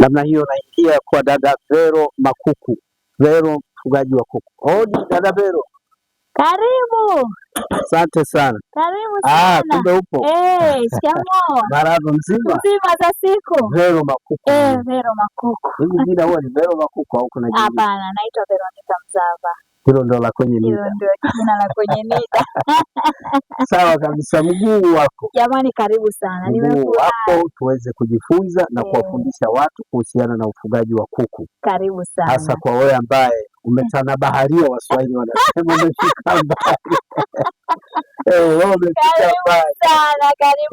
Namna hiyo naingia kwa dada Vero Makuku. Vero mfugaji wa kuku. Hodi dada Vero. Karibu. Asante sana. Karibu ah, sana. Ah, kumbe upo. Eh, shikamoo. Marahaba mzima. Mzima za siku. Vero Makuku. Eh, Vero Makuku. Hivi jina huwa ni Vero Makuku au kuna jina? Hapana, naitwa Veronica Mzava. Hilo ndo la kwenye NIDA. Hilo ndio jina la kwenye NIDA. Sawa kabisa. Mguu wako. Jamani, karibu sana. Nimekuwa hapo tuweze kujifunza na mm. kuwafundisha watu kuhusiana na ufugaji wa kuku. Karibu sana, hasa kwa wewe ambaye umetana baharia Waswahili wanasema umefika mbali. Eh,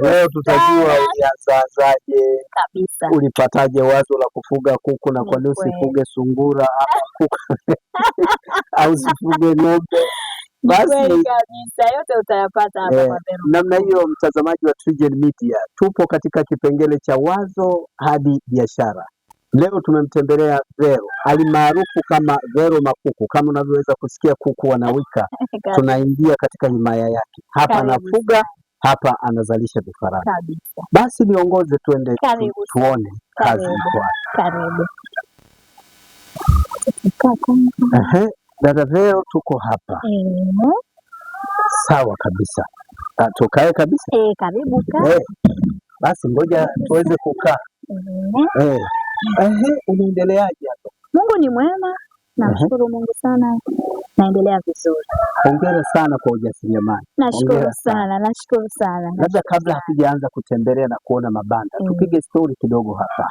Leo tutajua ulianzazaje, ulipataje wazo la kufuga kuku na kwa nini usifuge sungura au sifuge ng'ombe? Eh, namna hiyo, mtazamaji wa TriGen Media, tupo katika kipengele cha wazo hadi biashara. Leo tumemtembelea Vero alimaarufu kama Vero Makuku. Kama unavyoweza kusikia kuku wanawika, tunaingia katika himaya yake. Hapa anafuga, hapa anazalisha vifaranga. Basi niongoze, tuende Karibu tuone kazi karibu, karibu. Dada Vero, tuko hapa mm. Sawa kabisa, ah, tukae kabisa e, karibu ka. e. Eh, basi ngoja tuweze kukaa mm. e. unaendeleaje hapo? Mungu ni mwema, namshukuru Mungu sana, naendelea vizuri. Hongera sana kwa ujasiriamali. Nashukuru sana, nashukuru sana. Labda kabla hatujaanza kutembelea na kuona mabanda, tupige mm. stori kidogo hapa.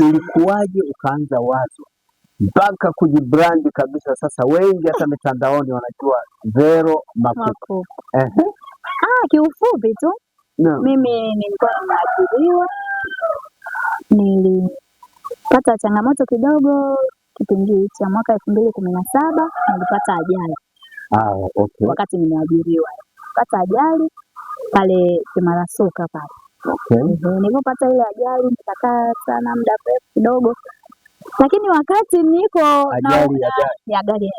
Ilikuwaje ukaanza wazo mpaka kujibrandi kabisa. Sasa wengi hata mitandaoni wanajua Vero Makuku. Ah, kiufupi tu no. Mimi nilikuwa nimeajiriwa, nilipata changamoto kidogo kipindi cha mwaka elfu mbili kumi na saba nilipata ajali. Ah, okay. Wakati nimeajiriwa pata ajali pale Kimarasuka pale okay. Nilipopata ile ajali nikakaa sana muda mrefu kidogo lakini wakati niko ajali, na ya gari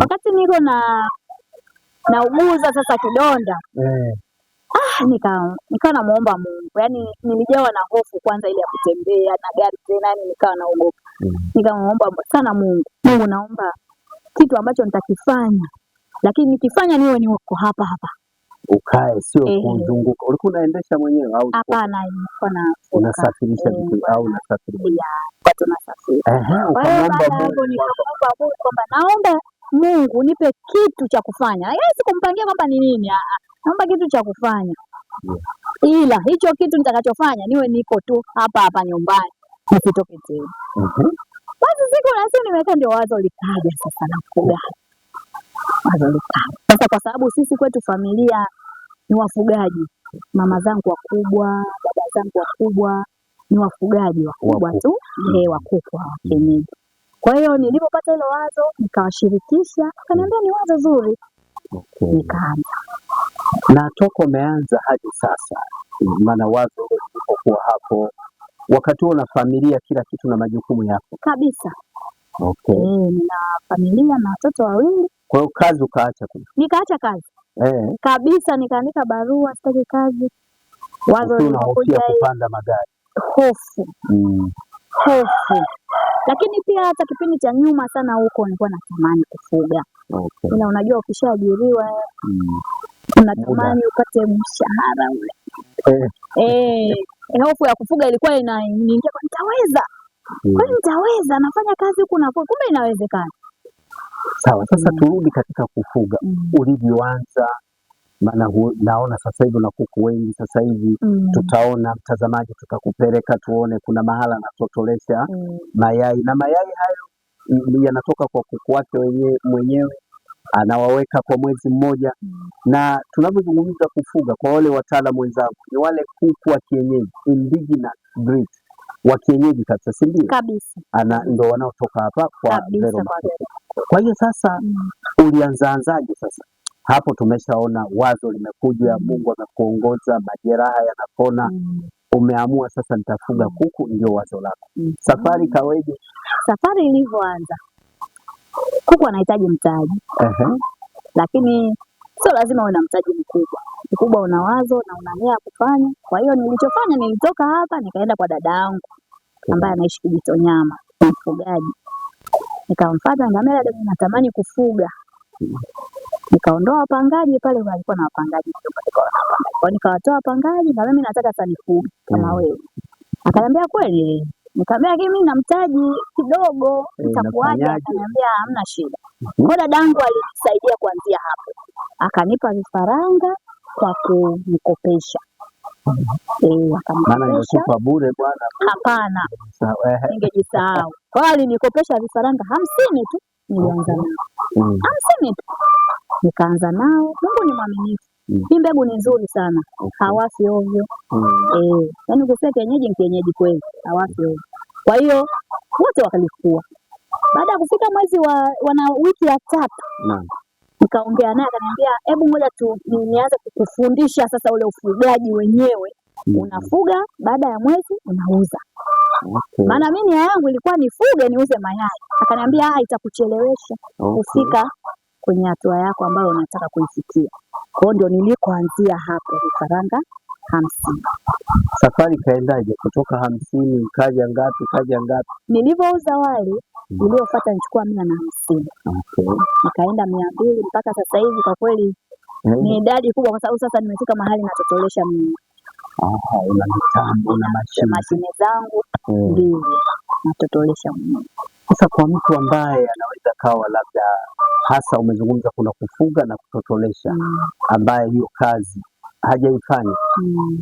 wakati niko na nauguza sasa kidonda eh. Ah, nika nikawa namuomba Mungu, yaani nilijawa na hofu kwanza ile ya kutembea na gari tena, yani nikawa naogopa mm. Nikamuomba sana Mungu, Mungu naomba kitu ambacho nitakifanya, lakini nikifanya niwe niweko hapa hapa ukae, sio eh. kuzunguka. Ulikuwa unaendesha mwenyewe au hapana? Ilikuwa na unasafirisha eh. vitu au unasafiri mwenyewe? Kwamba naomba Mungu nipe kitu cha kufanya, sikumpangia kwamba ni nini, ah, ah, naomba kitu cha kufanya yeah. Ila hicho kitu nitakachofanya niwe niko tu hapa hapa nyumbani nisitoke tena. Mm-hmm. Basi siku na siku nimekaa, ndio wazo likaja sasa, nakugapi sasa kwa sababu sisi kwetu familia ni wafugaji, mama zangu wakubwa, baba zangu wakubwa ni wafugaji wakubwa tu, e, wakukwa wa mm. kienyeji. Kwa hiyo nilipopata hilo wazo nikawashirikisha, kaniambia ni wazo zuri, nikaanza. Na toka umeanza hadi sasa, maana wazo lilipokuwa hapo, wakati huo na familia, kila kitu na majukumu yako kabisa. Okay. E, nina familia na watoto wawili kwa hiyo kazi ukaacha Nikaacha kazi eh, kabisa. Nikaandika barua, sitaki kazi. Wazo linakuja kupanda magari, hofu mm. hofu lakini pia hata kipindi cha nyuma sana huko nilikuwa natamani kufuga okay. Ila unajua ukishaajiriwa mm. unatamani upate mshahara ule eh. eh. Eh, hofu ya kufuga ilikuwa inaingia, nitaweza mm. kwani, nitaweza nafanya kazi huku na kumbe inawezekana Sawa, sasa mm. turudi katika kufuga mm. ulivyoanza, maana naona sasa hivi na kuku wengi sasa hivi mm. tutaona mtazamaji, tutakupeleka tuone, kuna mahala anatotolesha mm. mayai na mayai hayo mm, yanatoka kwa kuku wake wenye, mwenyewe anawaweka kwa mwezi mmoja mm. na tunavyozungumza kufuga, kwa wale wataalamu wenzangu, ni wale kuku wa kienyeji indigenous breed wa kienyeji kabisa, si ndio? Kabisa. Ana ndio wanaotoka hapa kwa Vero Kwa hiyo sasa mm. ulianzaanzaje sasa? Hapo tumeshaona wazo limekuja, mm. Mungu amekuongoza, majeraha yanapona mm. umeamua sasa nitafuga mm. kuku, ndio wazo lako mm. safari mm. kaweje? Safari ilivyoanza, kuku anahitaji mtaji uh -huh. lakini sio lazima uwe na mtaji mkubwa. Mkubwa una wazo na una nia ya kufanya. Kwa hiyo nilichofanya, nilitoka hapa nikaenda kwa dada yangu ambaye anaishi Kijitonyama, mfugaji. nikamfata ngamela, dada, natamani kufuga. Nikaondoa wapangaji pale, walikuwa na wapangaji, nikawatoa wapangaji na mimi nataka sanifuge kama wewe. Akaniambia kweli Nikamwambia lakini mimi namtaji kidogo eh, nitakuaje? Akaniambia hamna shida. Kwa dadangu alinisaidia kuanzia hapo, akanipa vifaranga kwa kunikopesha. Mhm. Eh, bure bwana? Hapana, eh, ningejisahau. Kwa hiyo alinikopesha vifaranga hamsini tu, nilianza nao mm. hamsini tu, nikaanza nao. Mungu ni mwaminifu. Mm. Hii mbegu ni nzuri sana, hawafi ovyo. Mm. Yaani ukisema kienyeji ni kienyeji kweli, hawafi ovyo. Kwa hiyo wote wakalifukua. Baada ya kufika mwezi wa wana wiki ya tatu naam, nikaongea naye akaniambia, hebu ngoja tu nianze kukufundisha sasa ule ufugaji wenyewe mm. Unafuga baada ya mwezi unauza okay. Maana mimi nia yangu ilikuwa nifuge niuze mayai, akaniambia ah, itakuchelewesha okay. kufika kwenye hatua yako ambayo unataka kuifikia. Kwa hiyo ndio nilikoanzia hapo Vifaranga hamsini. Safari kaendaje kutoka hamsini kaja ngapi? Kaja ngapi? Nilivyouza wali mm. niliofuata nichukua mia na hamsini okay. Nikaenda mia mbili mpaka sasa hivi kwa kweli hmm. Ni idadi kubwa kwa sababu sasa nimefika mahali natotolesha mimi. Aha, una mitambo na mashine zangu mm. ndio natotolesha mimi. Sasa kwa mtu ambaye anaweza kawa labda hasa umezungumza kuna kufuga na kutotolesha, mm. ambaye hiyo kazi hajaifanya. Mm.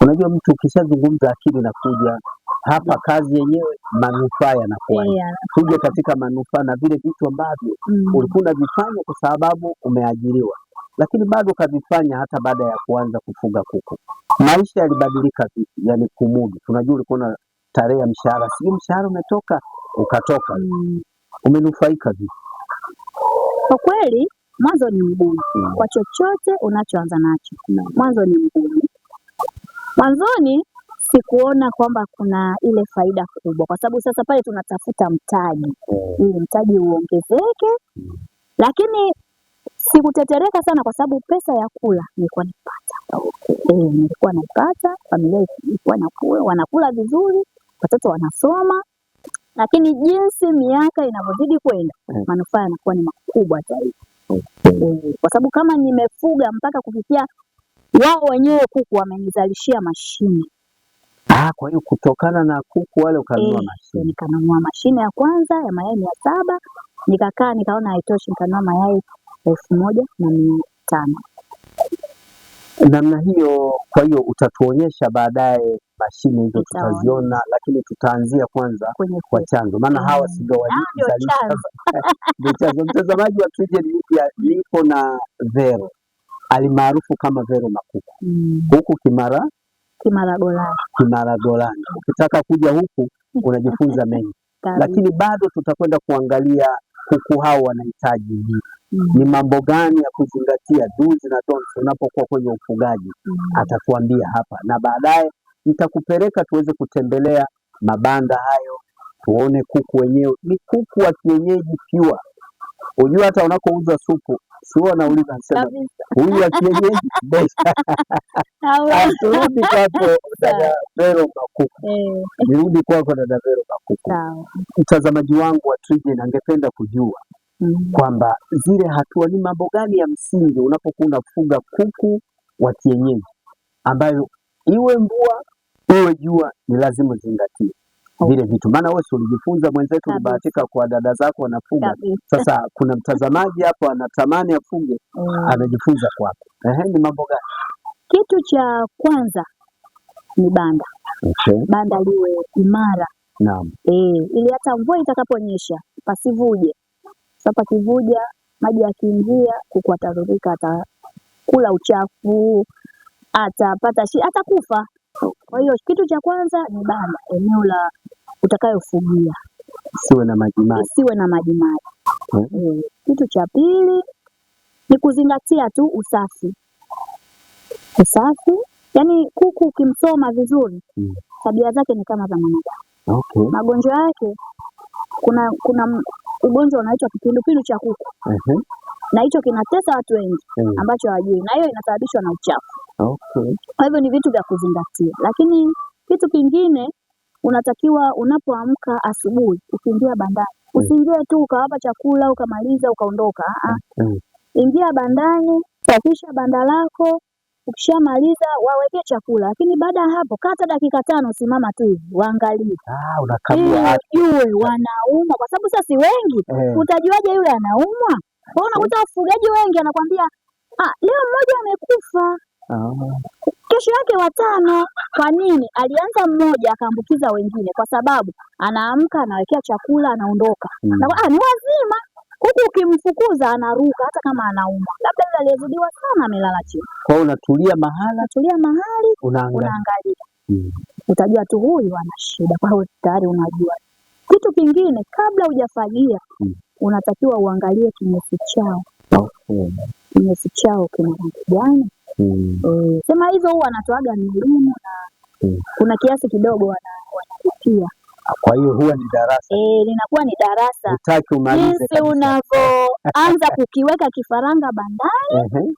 Unajua, mtu ukishazungumza akili na kuja hapa kazi yenyewe manufaa yanakuwa yeah. Tuje katika manufaa na vile vitu ambavyo mm. ulikuwa unavifanya kwa sababu umeajiriwa, lakini bado ukavifanya hata baada ya kuanza kufuga kuku. Maisha yalibadilika vipi? Yani kumudu, tunajua ulikuwa na tarehe ya mshahara, sijui mshahara umetoka ukatoka, mm. umenufaika vipi? Kwa kweli mwanzo ni mgumu mm. kwa chochote unachoanza nacho mm. mwanzo ni mgumu. Mwanzoni sikuona kwamba kuna ile faida kubwa, kwa sababu sasa pale tunatafuta mtaji mm. ili mtaji uongezeke lakini sikutetereka sana kwa sababu pesa ya kula nilikuwa naipata. Eh, nilikuwa naipata, familia ilikuwa nakula, wanakula vizuri, watoto wanasoma. Lakini jinsi miaka inavyozidi kwenda, manufaa yanakuwa ni makubwa zaidi kwa sababu kama nimefuga mpaka kufikia wao wenyewe kuku wamenizalishia mashine. Ah, kwa hiyo kutokana na kuku wale ukanunua eh, mashine? Nikanunua mashine ya kwanza ya mayai mia saba nikakaa nikaona haitoshi, nikanunua mayai elfu moja na mia tano namna hiyo. Kwa hiyo utatuonyesha baadaye mashine hizo tutaziona, lakini tutaanzia kwanza kwa chanzo, maana hawa ndio ah, chanzo. Mtazamaji wa TriGen Media, nipo na Vero alimaarufu kama Vero Makuku mm. huku Kimara Kimara Golani, Kimara Golani. Ukitaka kuja huku unajifunza mengi, lakini bado tutakwenda kuangalia kuku hao wanahitaji nini ni mambo gani ya kuzingatia do's na don'ts unapokuwa kwenye ufugaji, atakuambia hapa, na baadaye nitakupeleka tuweze kutembelea mabanda hayo tuone kuku wenyewe ni kuku wa kienyeji pia, Unajua hata unakouza supu sio, anauliza sema huyu wa kienyeji asirudi kwako dada Vero Makuku, eh. nirudi kwako dada Vero Makuku. Mtazamaji wangu wa TriGen angependa kujua Mm. kwamba zile hatua ni mambo gani ya msingi unapokuwa unafuga kuku wa kienyeji, ambayo iwe mvua iwe jua ni lazima uzingatie oh. vile okay. vitu maana wewe ulijifunza, mwenzetu ulibahatika kwa dada zako wanafuga. Sasa kuna mtazamaji hapo anatamani afuge mm. anajifunza kwako, ehe, ni mambo gani? Kitu cha kwanza ni banda okay. banda liwe imara Naam. Eh, ili hata mvua itakaponyesha pasivuje, sasa kivuja, maji yakiingia, kuku atadhurika, atakula uchafu, atapata shi, atakufa. Kwa hiyo kitu cha kwanza ni banda, eneo la utakayofugia siwe na majimaji, siwe na majimaji eh? eh, Kitu cha pili ni kuzingatia tu usafi, usafi yaani kuku ukimsoma vizuri hmm. tabia zake ni kama za mwanadamu okay. magonjwa yake kuna kuna ugonjwa unaitwa kipindupindu cha kuku uh-huh. na hicho kinatesa watu wengi uh-huh. ambacho hawajui, na hiyo inasababishwa na uchafu okay. Kwa hivyo ni vitu vya kuzingatia, lakini kitu kingine unatakiwa unapoamka asubuhi, ukiingia bandani uh-huh. usiingie tu ukawapa chakula ukamaliza ukaondoka uh-huh. Ingia bandani, safisha banda lako, Ukishamaliza wawekee chakula, lakini baada ya hapo kata dakika tano, simama tu hivi waangalie Ah, eh, wanaumwa, kwa sababu sasa si wengi Eh. utajuaje yule anaumwa? Kwa hiyo unakuta wafugaji wengi anakwambia ah, leo mmoja amekufa, Ah, kesho yake watano. Kwa nini? Alianza mmoja akaambukiza wengine, kwa sababu anaamka anawekea chakula anaondoka, mm. na ah, ni wazima huku ukimfukuza anaruka hata kama anauma, labda yule aliyezidiwa sana amelala chini. Kwa hiyo unatulia mahala, unatulia mahali, unaangalia hmm. Utajua tu huyu ana shida, kwa hiyo tayari unajua. Kitu kingine kabla hujafagia hmm. unatakiwa uangalie kinyesi chao okay. Kinyesi chao kina rangi gani? hmm. Eh, sema hizo huwa anatoaga milimu na hmm. kuna kiasi kidogo wanalipia wana kwa hiyo huwa ni darasa eh, linakuwa ni darasa utaki umalize unavyoanza kukiweka kifaranga bandari uh-huh.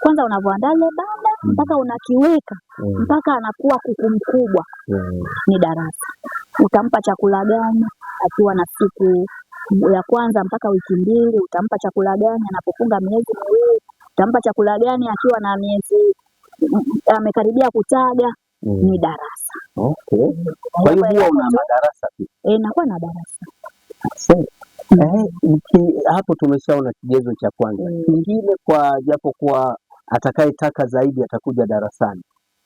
Kwanza unavyoandaa ile banda mm. mpaka unakiweka mm. mpaka anakuwa kuku mkubwa mm. Ni darasa. Utampa chakula gani akiwa na siku ya kwanza mpaka wiki mbili? Utampa chakula gani anapofunga miezi miwili? Utampa chakula gani akiwa na miezi amekaribia kutaga? mm. ni darasa. Okay. Mm. Kwa hiyo huwa una madarasa pia eh, nakuwa na darasa Mm. Eh, hapo tumeshaona kigezo cha kwanza mm. kingine mm. kwa kuwa atakayetaka zaidi atakuja darasani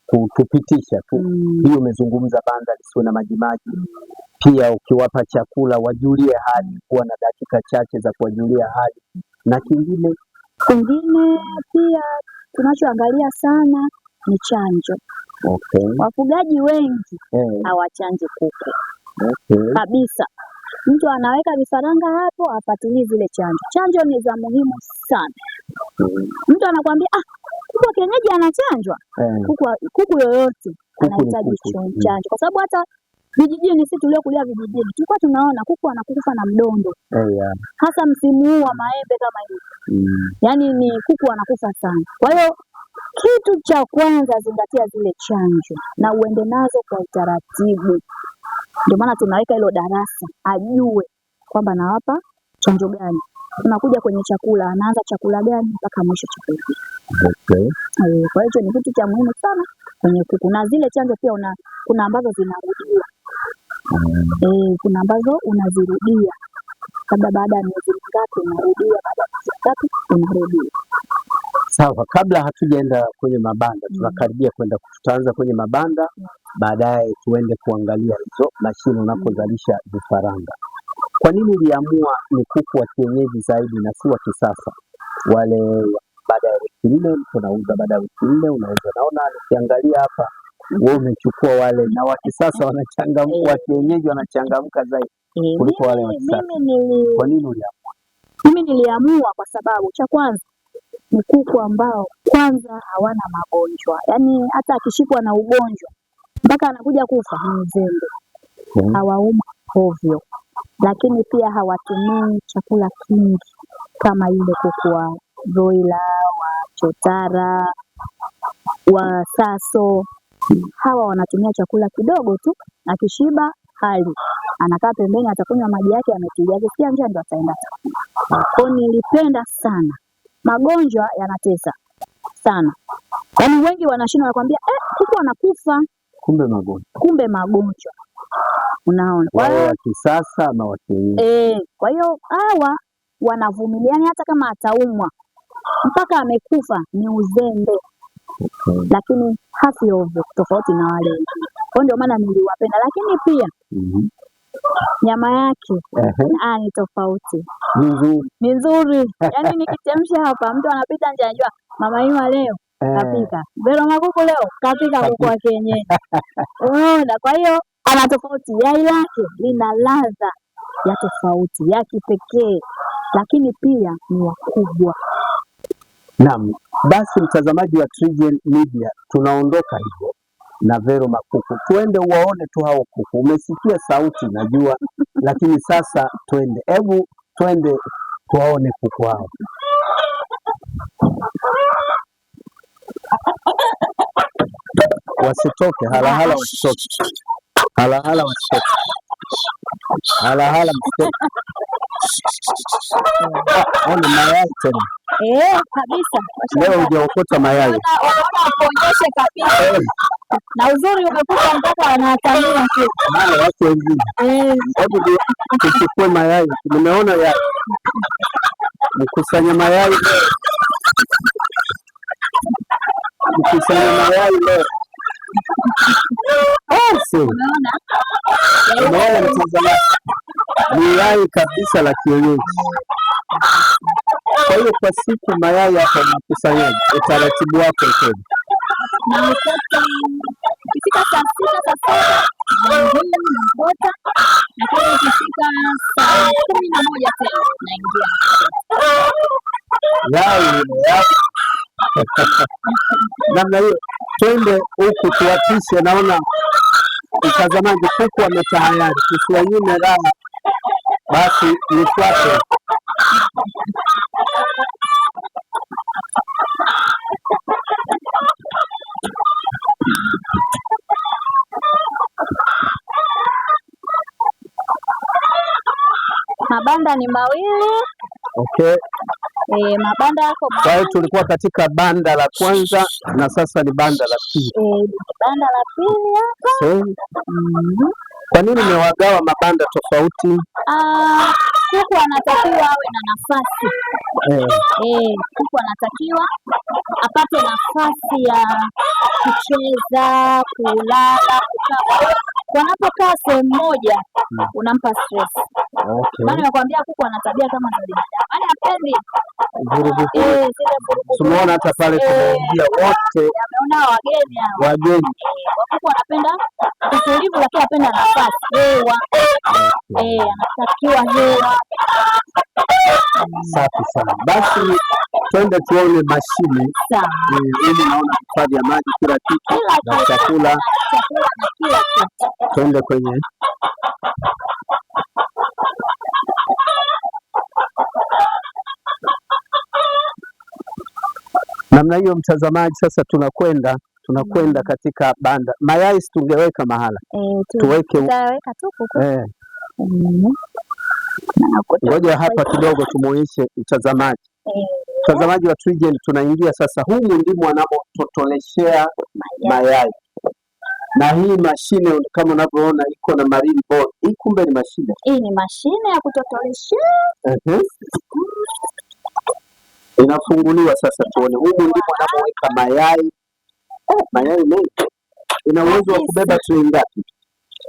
kutupitisha tu mm. hiyo mm. Umezungumza banda lisiwe na majimaji mm. Pia ukiwapa chakula wajulie hali, kuwa na dakika chache za kuwajulia hali na kingine kingine pia tunachoangalia sana ni chanjo. Okay. Wafugaji wengi hey, eh. hawachanji kuku okay, kabisa. Mtu anaweka vifaranga hapo afatilii zile chanjo. Chanjo ni za muhimu sana. Hmm. Mtu anakuambia ah, kuku kienyeji anachanjwa hey. Eh. Kuku, kuku yoyote anahitaji mm. chanjo kwa sababu hata vijijini sisi tuliokulia vijijini tulikuwa tunaona kuku anakufa na mdondo oh, eh, yeah. Hasa msimu huu wa maembe kama hivi mm. Yaani ni kuku anakufa sana, kwa hiyo kitu cha kwanza zingatia zile chanjo na uende nazo kwa utaratibu. Ndio maana tunaweka hilo darasa ajue kwamba nawapa chanjo gani, tunakuja kwenye chakula, anaanza chakula gani mpaka mwisho chakula okay. Eh, kwa hiyo ni kitu cha muhimu sana kwenye kuku, na zile chanjo pia una, kuna ambazo zinarudiwa mm. Eh, e, kuna ambazo unazirudia labda baada ya miezi mingapi unarudia, baada ya miezi mingapi unarudia Sawa, kabla hatujaenda kwenye mabanda, mm. tunakaribia kwenda tutaanza kwenye mabanda, baadaye tuende kuangalia hizo mashine unapozalisha vifaranga. Kwa nini uliamua ni kuku wa kienyeji zaidi na si wa kisasa wale? Baada ya wiki nne mtu baada ya wiki nne unauza. Naona nikiangalia hapa wewe umechukua wale na wa kisasa wanachangamka, wa kienyeji wanachangamka zaidi kuliko wale wa kisasa. Kwa nini uliamua? Mimi niliamua kwa sababu cha kwanza ni kuku ambao kwanza hawana magonjwa, yaani hata akishikwa na ugonjwa mpaka anakuja kufa ni mzembe, mm-hmm. hawauma hovyo lakini pia hawatumii chakula kingi kama ile kuku wa broila, wa chotara, wa saso. Hawa wanatumia chakula kidogo tu, akishiba hali anakaa pembeni, atakunywa maji yake, ametulia, akisikia njaa ndo ataenda. Kwa nilipenda sana Magonjwa yanatesa sana, yaani wengi wanashindwa, wanakwambia eh, huku wanakufa, kumbe magonjwa, kumbe magonjwa. Unaona, hiyo kisasa na eh. Kwa hiyo hawa wanavumilia, hata kama ataumwa mpaka amekufa ni uzembe okay. Lakini hafi ovyo, tofauti na wale Kwa ndio maana niliwapenda, lakini pia mm -hmm nyama yake uh-huh. ni tofauti, ni nzuri yaani nikichemsha hapa mtu anapita nje anajua mama ima leo eh. kapika bero makuku leo kapika kuku wa kienyeji, unaona. Kwa hiyo ana tofauti, yai lake lina ladha ya tofauti ya kipekee, lakini pia ni wakubwa. Naam, basi mtazamaji wa TriGen Media, tunaondoka hivyo na Vero Makuku. Twende uwaone tu hao kuku. Umesikia sauti najua, lakini sasa twende, hebu twende tuwaone kuku hao. Wasitoke halahala, wasitoke halahala, wasitoke halahala, msitoke. ni mayai tena eh, kabisa. Leo hujaokota mayai, na uzuri umekuta mpaka anatamia watu wengine. Eh. Tuchukue mayai, nimeona yai mkusanya mayai mkusanya mayai leo ni yai kabisa la kienyeji. Kwa hiyo kwa siku mayai hapa mkusanyaji, utaratibu wako Nikifika saa sita saa naingia lakini ikifika saa kumi na moja tena naingia namna hiyo. Twende huku tuwatishe, naona mtazamaji kuku ametahayari, tusiwanyime raha. Basi nifuate Mabanda ni mawili. Okay. E, mabanda yako. Kwa hiyo tulikuwa katika banda la kwanza na sasa ni banda la pili. E, banda la pili hapa. So, mm-hmm. Kwa nini umewagawa mabanda tofauti? Ah, kuku anatakiwa awe na nafasi eh. Eh, kuku anatakiwa apate nafasi ya kucheza, kulala, kukaa kwa hapo kaa sehemu moja hmm. unampa stress. Okay. Maana nakwambia kuku ana tabia kama za binadamu. yani hapendi vurugu. Eh, tumeona hata pale eh, tunaingia wote. Ameona wageni hao. Wageni. Eh, kuku anapenda utulivu lakini apenda nafasi. Hewa. Eh, anatakiwa hewa. Safi sana. Basi twende tuone mashini eh, ili naona hifadhi ya maji, kila kitu na chakula. Chakula na kila kitu twende kwenye namna hiyo, mtazamaji. Sasa tunakwenda tunakwenda mm. katika banda mayai, situngeweka mahala e, tu, tuweke e. mm. Ngoja hapa kidogo tumuonyeshe mtazamaji eh. mtazamaji wa TriGen, tunaingia sasa, humu ndimo anapototoleshea mayai, mayai na hii mashine kama unavyoona iko na marine board. Hii kumbe ni mashine, hii ni mashine ya kutotolesha. uh-huh. Inafunguliwa sasa, tuone humu ndipo unapoweka mayai. Eh, mayai mengi. Ina uwezo wa kubeba trei ngapi?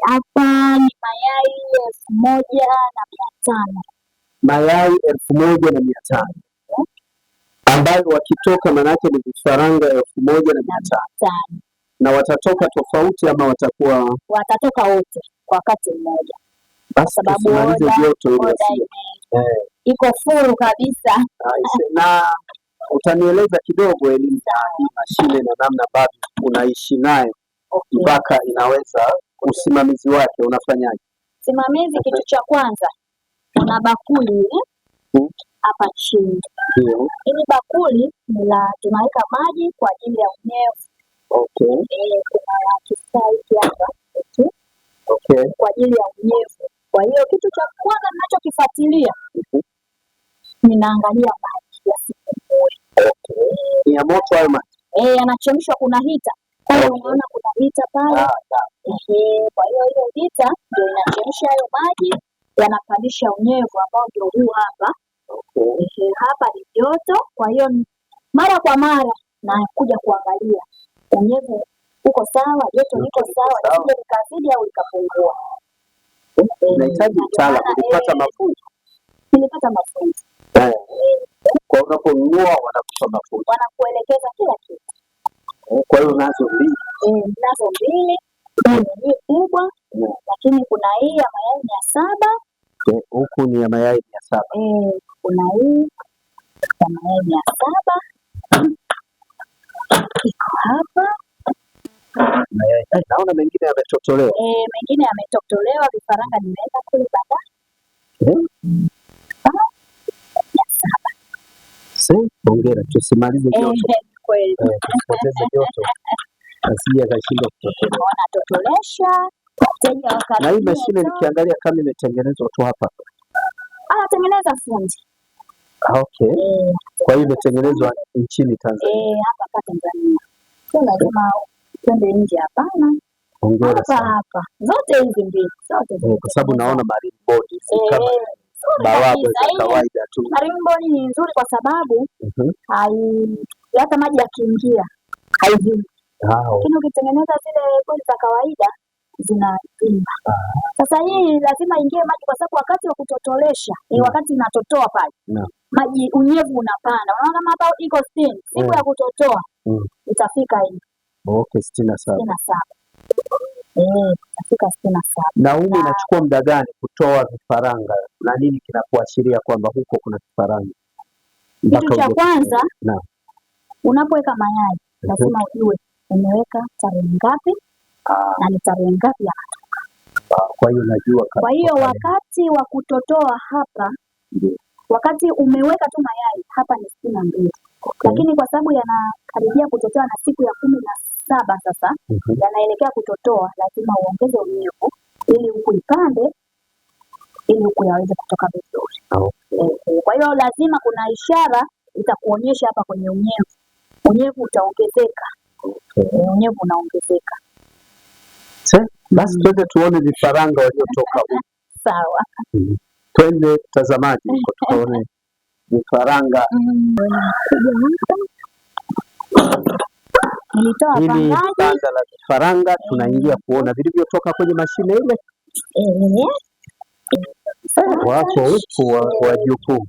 Hapa ni mayai elfu moja na mia tano mayai elfu moja na mia tano ambayo wakitoka, maanake ni vifaranga elfu moja na mia tano na watatoka tofauti ama watakuwa watatoka wote kwa wakati mmoja, kwa sababu oda eh. iko furu kabisa. Na utanieleza kidogo elimu ya hii mashine na namna ambavyo unaishi naye mpaka okay. Inaweza usimamizi wake unafanyaje? Simamizi, kitu cha kwanza kuna bakuli hmm? hapa chini. ili bakuli ni la tunaweka maji kwa ajili ya unyevu hapa kwa ajili ya unyevu. Kwa hiyo kitu cha kwanza ninachokifuatilia ninaangalia maji ya moto au maji. Eh, yanachemshwa kuna hita. Kwa hiyo unaona kuna hita pale. Ah, kwa hiyo hiyo hita ndio inachemsha hayo maji yanapandisha unyevu ambao ndio huu hapa. Hapa ni joto, kwa hiyo mara kwa mara nakuja kuangalia unyevu uko sawa, joto liko sawa, isije likazidi au likapungua. Unahitaji mtaalamu kupata mafunzo. Nilipata mafunzo eh. kwa unaponunua, wanakupa mafunzo, wanakuelekeza kila kitu. Eh, kwa hiyo nazo mbili, eh, nazo mbili hii kubwa, lakini kuna hii ya mayai mia saba huku ni ya mayai mia saba kuna hii ya mayai mia saba hapa eh, naona mengine yametotolewa, eh, mengine yametotolewa. Vifaranga nimeweka kule bandani eh? Hongera, tusimalize joto eh, joto, asije akashindwa kutotolewa. Na hii mashine nikiangalia kama imetengenezwa tu hapa, anatengeneza ah, fundi Ah, okay. Eh. kwa hiyo imetengenezwa nchini Tanzania. Eh, hapa hapa Tanzania. Sio lazima twende nje hapana. Hongera sana. Hapa zote hizi mbili, zote. Eh, kwa sababu naona marine board eh, kama bawabu za kawaida yaani, tu. Marine board ni nzuri kwa sababu mhm. hai hata maji yakiingia haivii. Ah, oh. Lakini ukitengeneza zile board za kawaida zinaimba. Ah. Sasa hii lazima ingie maji kwa sababu wakati wa kutotolesha ni mm. wakati inatotoa pale. Naam maji unyevu unapanda, unaona kama hapa iko sitini siku ya mm. kutotoa mm. itafika hivi. Okay, sitini na saba eh, itafika sitini na saba Na ume inachukua muda gani kutoa vifaranga na nini kinakuashiria kwamba huko kuna vifaranga? Kitu cha kwanza unapoweka mayai mhm. lazima ujue umeweka tarehe ngapi ah. na ni tarehe ngapi yanatoka. Ah, kwa hiyo najua, kwa hiyo wakati wa kutotoa hapa Wakati umeweka tu mayai hapa ni sitini na mbili okay. Lakini kwa sababu yanakaribia kutotoa na siku ya kumi na saba sasa mm-hmm. Yanaelekea kutotoa, lazima uongeze unyevu ili huku ipande ili huku yaweze kutoka vizuri okay. Eh, eh, kwa hiyo lazima kuna ishara itakuonyesha hapa kwenye unyevu, unyevu utaongezeka okay. Eh, unyevu unaongezeka basi, tuende tuone vifaranga waliotoka. Sawa. Mhm. Twende tazamaji huko tukaone vifaranga. Hili banda la vifaranga tunaingia kuona vilivyotoka kwenye mashine ile. Eh. Wako huku wajukuu, eh.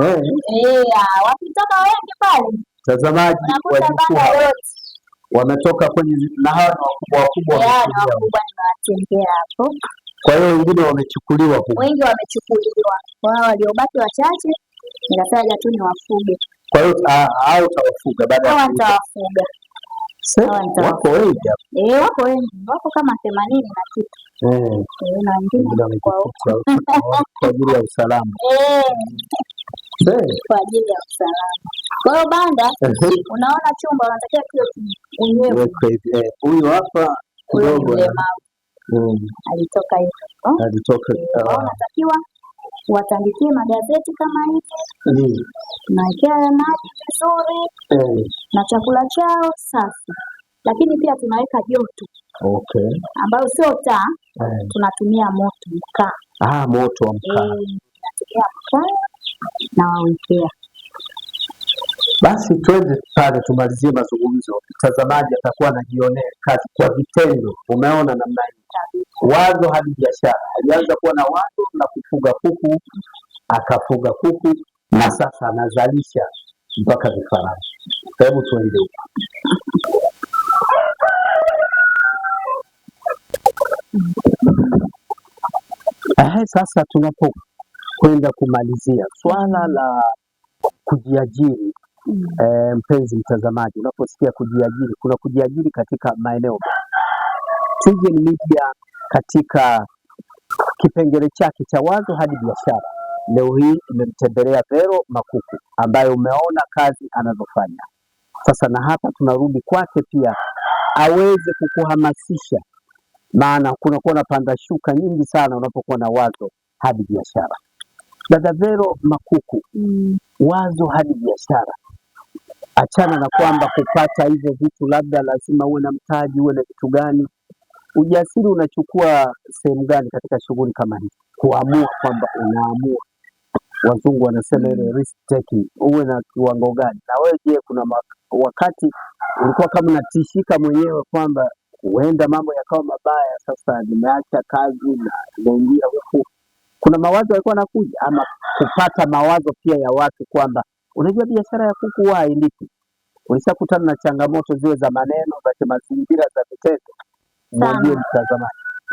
mtazamaji, wajukuu wametoka kwenye, na hawa ni wakubwa wakubwa kwa hiyo wengine wamechukuliwa huko, wengi wamechukuliwa, kwa hiyo waliobaki wachache nikataja tu ni wafuge. Kwa hiyo ah, hao utawafuga baada ya nitawafuga wako wengi eh, wako wengi, wako kama themanini na kitu eh, eh, na wengine kwa ajili ya usalama eh, kwa ajili ya usalama. Kwa hiyo banda, unaona chumba unatakiwa kiwe unyevu. Eh, huyu hapa kidogo Mm. alitoka alitoka natakiwa watandikie magazeti kama hivi, mm. nawekea maji vizuri eh. na chakula chao safi, lakini pia tunaweka joto okay, ambayo sio taa, eh. tunatumia moto mkaa. Ah, moto mkaa, eh, mkaa na wawekea basi twende pale tumalizie mazungumzo. Mtazamaji atakuwa anajionea kazi kwa vitendo. Umeona namna hii wazo hadi biashara. Alianza kuwa na wazo la kufuga kuku, akafuga kuku na sasa anazalisha mpaka vifaranga. Hebu tuende huko. Eh, sasa tunapokwenda kumalizia swala la kujiajiri, mm. Eh, mpenzi mtazamaji, unaposikia kujiajiri, kuna kujiajiri katika maeneo Figen Media katika kipengele chake cha wazo hadi biashara leo hii imemtembelea Vero Makuku ambaye umeona kazi anazofanya sasa, na hapa tunarudi kwake pia aweze kukuhamasisha, maana kunakuwa na panda shuka nyingi sana unapokuwa na wazo hadi biashara. Dada Vero Makuku, wazo hadi biashara, achana na kwamba kupata hizo vitu labda lazima uwe na mtaji, uwe na vitu gani Ujasiri unachukua sehemu gani katika shughuli kama hii? Kuamua kwamba unaamua, wazungu wanasema ile risk taking, uwe na kiwango gani? Na wewe je, kuna wakati ulikuwa kama unatishika mwenyewe kwamba huenda mambo yakawa mabaya, sasa nimeacha kazi na nimeingia huku? Kuna mawazo yalikuwa nakuja, ama kupata mawazo pia ya watu kwamba unajua biashara ya kuku wailipi, ulishakutana na changamoto ziwe za maneno, za kimazingira, za vitendo yani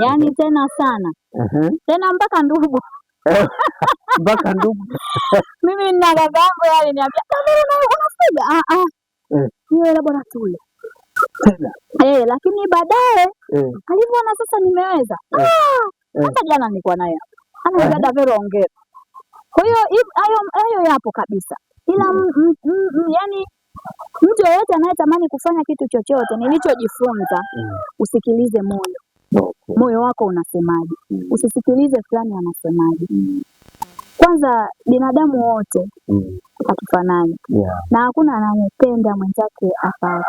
yaani tena sana mhm. tena mpaka ndugu mpaka ndugu mimi nina dada yangu yeye aliniambia unafuga ah ah eh. yeye bora tule tena eh lakini baadaye eh. alivyoona sasa nimeweza eh. Ah, hata jana nilikuwa naye ana dada Vero ongea kwa hiyo hayo hayo yapo kabisa ila mm. yani Mtu yeyote anayetamani kufanya kitu chochote, nilichojifunza mm. usikilize moyo okay. moyo wako unasemaje mm. usisikilize fulani anasemaje mm. Kwanza binadamu wote mm. hatufanani yeah. na hakuna anayependa mwenzake apate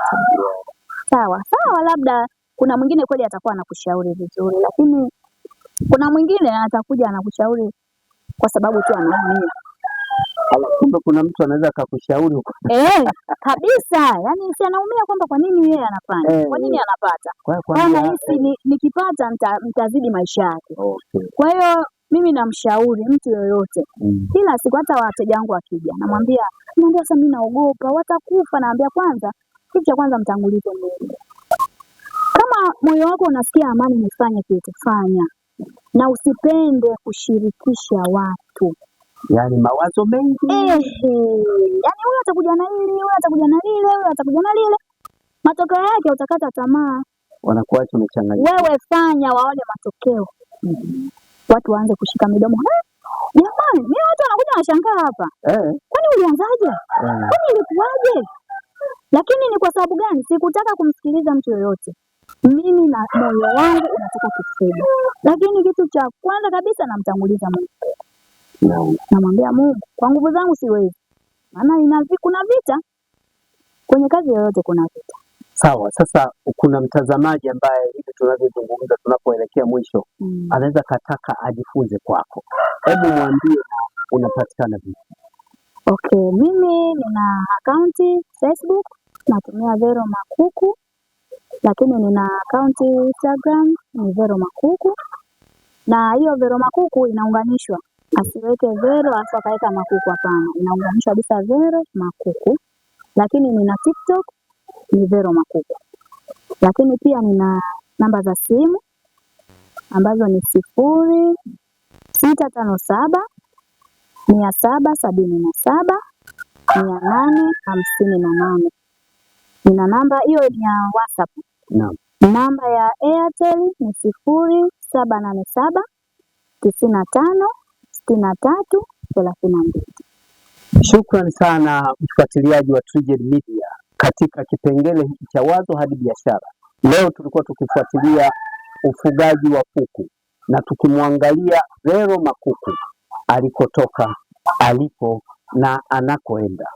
sawa sawa, labda kuna mwingine kweli atakuwa anakushauri vizuri, lakini kuna mwingine atakuja anakushauri kwa sababu tu anaumia Kumbe kuna mtu anaweza akakushauri eh, kabisa. Yani si anaumia kwamba kwa nini yeye anafanya eh, kwa nini eh. anapata anahisi eh, nikipata nita, nitazidi maisha yake okay. Kwa hiyo mimi namshauri mtu yoyote mm. Kila siku hata wateja wangu wakija, namwambia naambia, sasa mimi naogopa watakufa. Naambia kwanza, kitu cha kwanza mtangulize Mungu. Kama moyo wako unasikia amani, nifanye kitu fanya, na usipende kushirikisha watu Yaani mawazo mengi yaani, huyu atakuja na hili, huyu atakuja na lile, huyu atakuja na lile, matokeo yake utakata tamaa. Wanakuacha umechanganyika. Wewe fanya waone matokeo, mm -hmm. Watu waanze kushika midomo eh, jamani, mimi watu wanakuja wanashangaa hapa eh. Kwani ulianzaje? Eh. Kwani ilikuwaje? Lakini ni kwa sababu gani? Sikutaka kumsikiliza mtu yoyote, mimi na moyo wangu unataka kufuga, lakini kitu cha kwanza kabisa namtanguliza Mungu namwambia Mungu, kwa nguvu zangu siwezi, maana ina kuna vita kwenye kazi yoyote, kuna vita. Sawa. Sasa kuna mtazamaji ambaye hivi tunavyozungumza, tunapoelekea mwisho mm. anaweza kataka ajifunze kwako, hebu mwambie unapatikana vipi? Okay, mimi nina akaunti Facebook natumia Vero Makuku, lakini nina akaunti Instagram ni Vero Makuku, na hiyo Vero Makuku inaunganishwa asiweke zero afu akaweka makuku. Hapana, inaunganishwa kabisa zero makuku. Lakini nina TikTok ni zero makuku, lakini pia nina namba za simu ambazo ni sifuri sita tano saba mia saba sabini na saba mia nane hamsini na nane. Nina namba hiyo ni ya WhatsApp. Namba ya Airtel ni sifuri saba nane saba tisini na tano sitini na tatu thelathini na mbili. Shukran sana mfuatiliaji wa Trigen Media katika kipengele hiki cha wazo hadi biashara. Leo tulikuwa tukifuatilia ufugaji wa kuku na tukimwangalia Vero Makuku alikotoka, alipo na anakoenda,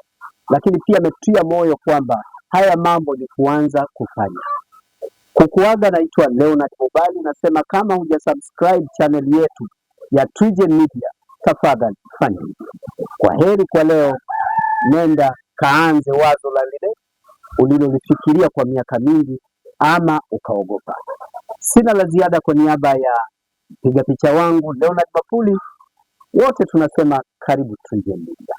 lakini pia ametia moyo kwamba haya mambo ni kuanza kufanya. Kukuaga naitwa Leonard Mubali, nasema kama hujasubscribe channel yetu ya Trigen Media tafadhali fanya Kwa heri kwa leo, nenda kaanze wazo la lile ulilolifikiria kwa miaka mingi, ama ukaogopa. Sina la ziada kwa niaba ya mpiga picha wangu Leonard Mapuli, wote tunasema karibu tuingie Mbinga.